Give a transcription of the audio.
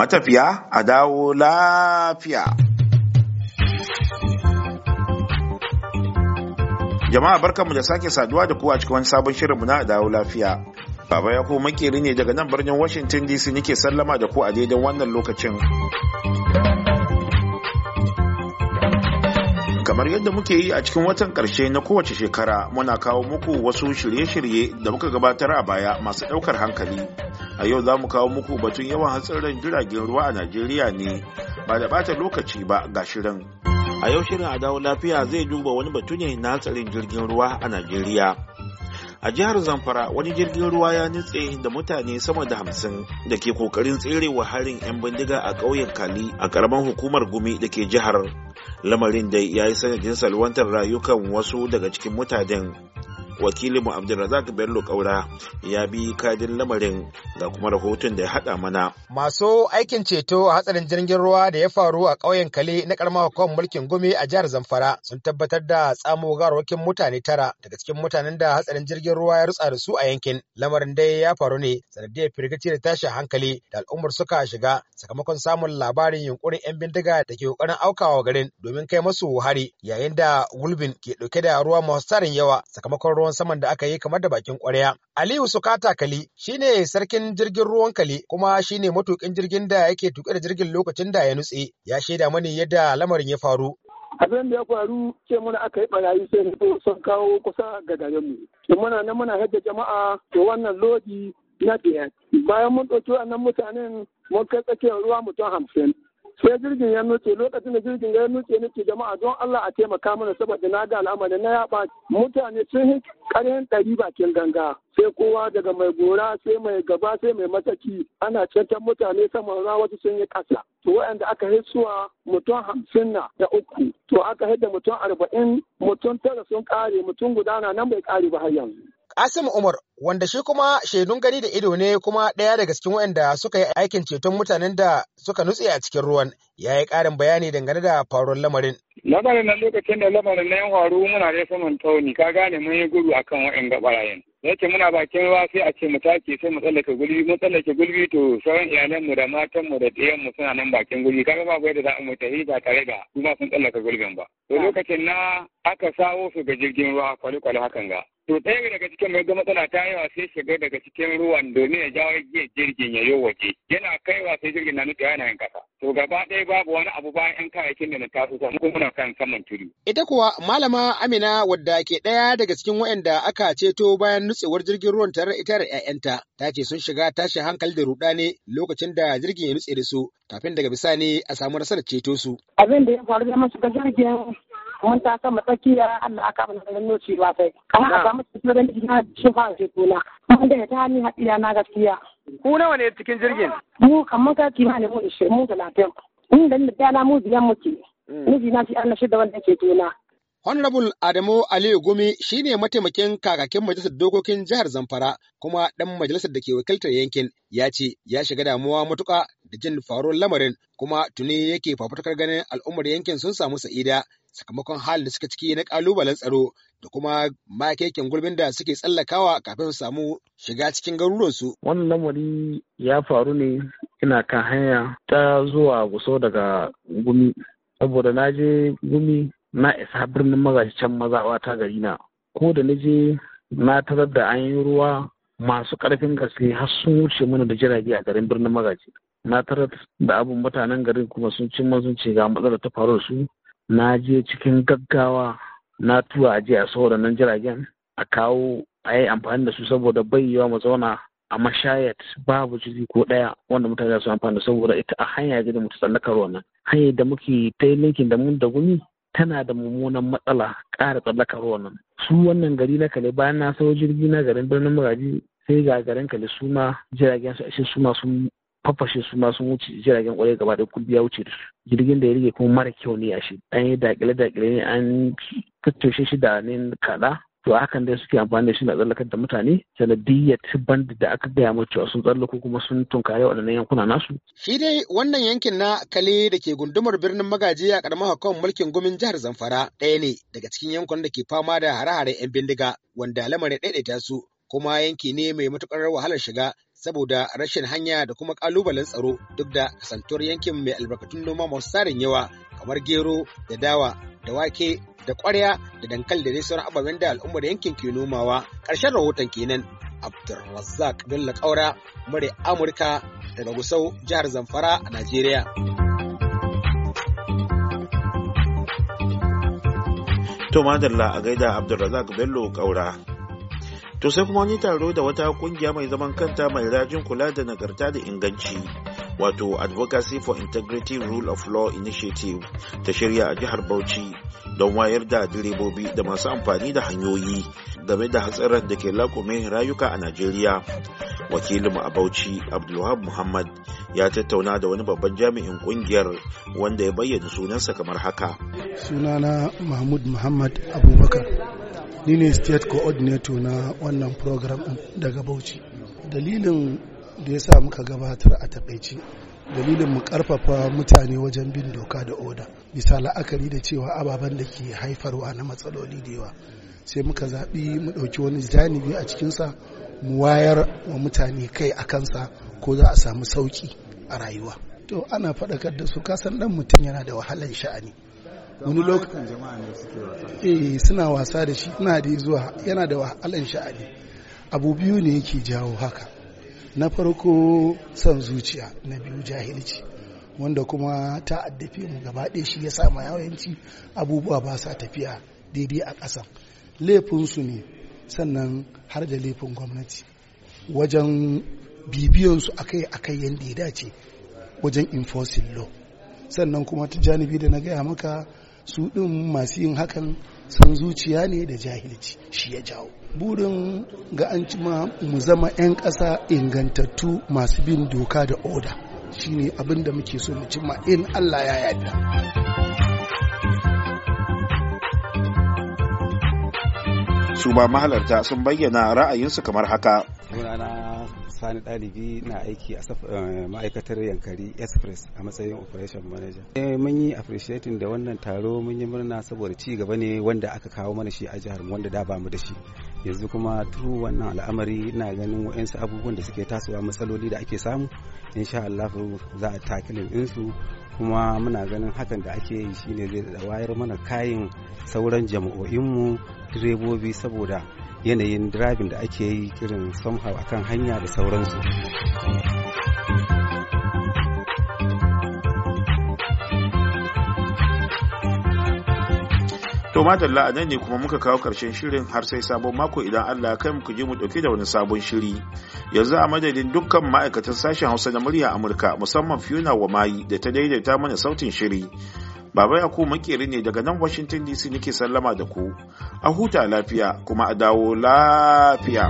matafiya a dawo lafiya. Jama'a barkanmu da sake saduwa da kowa cikin wani sabon shirinmu na dawo lafiya. Baba ya makeri ne daga nan birnin Washington DC nake sallama da ku a daidai wannan lokacin. Kamar yadda muke yi a cikin watan ƙarshe na kowace shekara muna kawo muku wasu shirye-shirye da muka gabatar a baya masu ɗaukar hankali. a yau za mu kawo muku batun yawan hatsarin jiragen ruwa a najeriya ne ba da bata lokaci ba ga shirin a yau shirin a dawo lafiya zai duba wani batu ne na hatsarin jirgin ruwa a najeriya a jihar zamfara wani jirgin ruwa ya nutse da mutane sama da hamsin da ke kokarin tsere wa harin 'yan bindiga a ƙauyen kali a ƙaramin hukumar gumi da ke jihar lamarin da ya yi sanadin salwantar rayukan wasu daga cikin mutanen wakilin mu Abdulrazak Bello Kaura ya bi kadin lamarin ga kuma rahoton da ya hada mana. Masu aikin ceto a hatsarin jirgin ruwa da ya faru a ƙauyen Kale na karamar hukumar mulkin Gumi a jihar Zamfara sun tabbatar da tsamo garwakin mutane tara daga cikin mutanen da hatsarin jirgin ruwa ya rutsa da su a yankin. Lamarin dai ya faru ne sanadiyar firgici da tashin hankali da al'ummar suka shiga sakamakon samun labarin yunkurin 'yan bindiga da ke kokarin aukawa garin domin kai masu hari yayin da gulbin ke dauke da ruwa masu yawa sakamakon ruwan ruwan saman da aka yi kamar da bakin ƙwarya. Aliyu Sukata Kali shine sarkin jirgin ruwan Kali kuma shine matuƙin jirgin da yake tuƙe da jirgin lokacin da ya nutse. Ya shaida mani yadda lamarin ya faru. abin da ya faru ce muna aka yi barayi sai mu sun kawo kusa ga garinmu. Muna nan muna hadda jama'a to wannan lodi na biyar. Bayan mun ɗauki wannan mutanen mun kai tsakiyar ruwa mutum hamsin. sai jirgin ya nuce lokacin da jirgin ya nuce nake jama'a don Allah a taimaka mana saboda na ga al'amari na ya yaba mutane sun yi karin ɗari bakin ganga sai kowa daga mai gora sai mai gaba sai mai mataki ana cancan mutane saman ra wasu sun yi ƙasa to waɗanda aka yi suwa mutum hamsin na da uku to aka yi da mutum arba'in mutum tara sun ƙare mutum gudana nan bai ƙare ba har yanzu Kasim Umar wanda shi kuma shaidun gani da ido ne kuma ɗaya daga cikin waɗanda suka yi aikin ceton mutanen da suka nutse a cikin ruwan ya yi ƙarin bayani dangane da faruwar lamarin. Lamarin na lokacin da lamarin na yin faru muna da saman tauni ka gane mun yi gudu akan waɗanda ɓarayin. yake muna bakin ruwa sai a ce mu take sai mu tsallake gulbi mu tsallake gulbi to sauran iyalanmu da matanmu da ɗayan mu suna nan bakin gulbi kaga babu da za mu tafi ba tare da kuma sun tsallaka gulbin ba to lokacin na aka sawo su ga jirgin ruwa kwale hakan ga To ɗaya daga cikin mai matsala ta yawa sai shiga daga cikin ruwan domin ya jawo jiya jirgin ya yi waje. Yana kaiwa sai jirgin na nufi yana yin kasa. To gaba ɗaya babu wani abu bayan 'yan kayayyakin da na taso sa kuma muna kan saman tudu. Ita kuwa malama Amina wadda ke ɗaya daga cikin waɗanda aka ceto bayan nutsewar jirgin ruwan tare ita da 'ya'yanta ta ce sun shiga tashin hankali da ruɗani lokacin da jirgin ya nutse da su kafin daga bisani a samu nasarar ceto su. Abin da ya faru da masu jirgin mun ta sama tsakiya Allah aka mun da noci ba sai Kana a samu cikin da ina shi ba shi kula mun da ta ni hadiya na gaskiya ku nawa ne cikin jirgin mu kamar ka kimanin mu 20 mu 30 mun da da na mu biyan muke miji mm. na shi Allah shi da wanda ke tona Honorable Adamu Aliyu Gumi shi ne mataimakin kakakin majalisar dokokin jihar Zamfara kuma ɗan majalisar da ke wakiltar yankin ya ce ya shiga damuwa matuƙa da jin faruwar lamarin kuma tuni yake fafutukar ganin al'ummar yankin sun samu sa'ida sakamakon halin da suka ciki na kalubalen tsaro da kuma makekin gulbin da suke tsallakawa kafin su samu shiga cikin garuruwansu. Wannan lamari ya faru ne ina kan hanya ta zuwa guso daga gumi. Saboda na je gumi na isa birnin magaji can maza ta gari na. Ko da na je na tarar da an yi ruwa masu ƙarfin gaske har sun wuce mana da jirage a garin birnin magaji. Na tarar da abin mutanen garin kuma sun cin mazunci ga matsalar ta faru da su na je cikin gaggawa na tura aje a saboda nan jiragen a kawo a yi amfani da su saboda bai yiwa mu zauna a mashayat babu jirgi ko ɗaya wanda mutane su amfani da saboda ita a hanya ce da mutu tsallakar wannan hanyar da muke ta yi linkin da mun da gumi tana da mummunan matsala ƙara tsallakar wannan su wannan gari na kale bayan na sayo jirgi na garin birnin magaji sai ga garin kale su ma jiragen su a su ma sun fafashe su ma sun wuce jiragen kwarai gaba da ya wuce da su jirgin da ya rige kuma mara kyau ne a shi an yi dakile dakile ne an tattoshe shi da ne kada to hakan dai suke amfani da shi na tsallakar da mutane sanadiyyar bandi da aka gaya mu cewa sun tsallako kuma sun tunkare waɗannan yankuna nasu. Shi dai wannan yankin na Kale da ke gundumar birnin Magaji a ƙaramar hakan mulkin gumin jihar Zamfara ɗaya ne daga cikin yankunan da ke fama da hare-hare 'yan bindiga wanda lamarin ɗaiɗaita su kuma yanki ne mai matuƙar wahalar shiga saboda rashin hanya da kuma kalubalen tsaro duk da kasantuwar yankin mai albarkatun noma masu tsarin yawa kamar gero da dawa da wake da kwarya da dankali da dai sauran ababen da al'ummar yankin ke nomawa ƙarshen rahoton kenan abdulrazzaq bello kaura mure amurka daga gusau jihar zamfara a najeriya. To madalla a gaida Abdulrazak Bello Kaura. To sai kuma wani taro da wata kungiya mai zaman kanta mai rajin kula da nagarta da inganci wato Advocacy for Integrity Rule of Law Initiative ta shirya a jihar Bauchi don wayar da direbobi da masu amfani da hanyoyi game da hatsarin da ke lakume rayuka a Najeriya. Wakilin a Bauchi Abdulwahab Muhammad ya tattauna da wani babban jami'in kungiyar wanda ya bayyana sunansa kamar haka. Sunana Mahmud Muhammad Abubakar. ni ne state coordinator na wannan program daga bauchi dalilin da ya sa muka gabatar a takaici dalilin mu ƙarfafa mutane wajen bin doka da oda bisa la'akari da cewa ababen da ke haifarwa na matsaloli da yawa sai muka zaɓi mu ɗauki wani janibi a cikinsa mu wayar wa mutane kai a kansa ko za a samu sauƙi a rayuwa to ana faɗakar da su kasan ɗan mutum yana da wahalar sha'ani wani lokacin jama'a ne suke wasa eh suna wasa da shi ina da zuwa yana da wahalan sha'ani abu biyu ne yake jawo haka na farko son zuciya na biyu jahilci wanda kuma ta addafi mu gaba ɗaya shi ya sa ma yawanci abubuwa ba sa tafiya daidai a ƙasa laifinsu ne sannan har da laifin gwamnati wajen bibiyansu akai akai yadda ya dace wajen enforcing law sannan kuma ta janibi da na gaya maka su ɗin masu yin hakan san zuciya ne da jahilci shi ya jawo burin ga an cima mu zama 'yan ƙasa ingantattu masu bin doka da oda shine abin da muke so mu cimma in allah ya yarda su ba mahalarta sun bayyana ra'ayinsu kamar haka sani ɗalibi na aiki a eh, ma'aikatar yankari express a matsayin operation manager eh, mun yi appreciating da wannan taro mun yi murna saboda ci gaba ne wanda aka kawo mana shi a jihar wanda da bamu da shi yanzu kuma turu wannan al'amari na ganin wa'ansu abubuwan da suke tasowa matsaloli da ake samu insha Allah za a takilin insu kuma muna ganin hakan da ake yi shine zai da wayar mana kayin sauran jama'o'inmu direbobi saboda yanayin driving da ake yi irin somehow akan hanya da sauransu To madalla a nan ne kuma muka kawo karshen shirin har sai sabon mako idan Allah kai muku je mu dauke da wani sabon shiri. Yanzu a madadin dukkan ma'aikatan sashen Hausa na murya Amurka musamman Fiona wa Mayi da ta daidaita mana sautin shiri. Baba Yakubu makeri ne daga nan Washington DC nake sallama da ku. A huta lafiya kuma a dawo lafiya.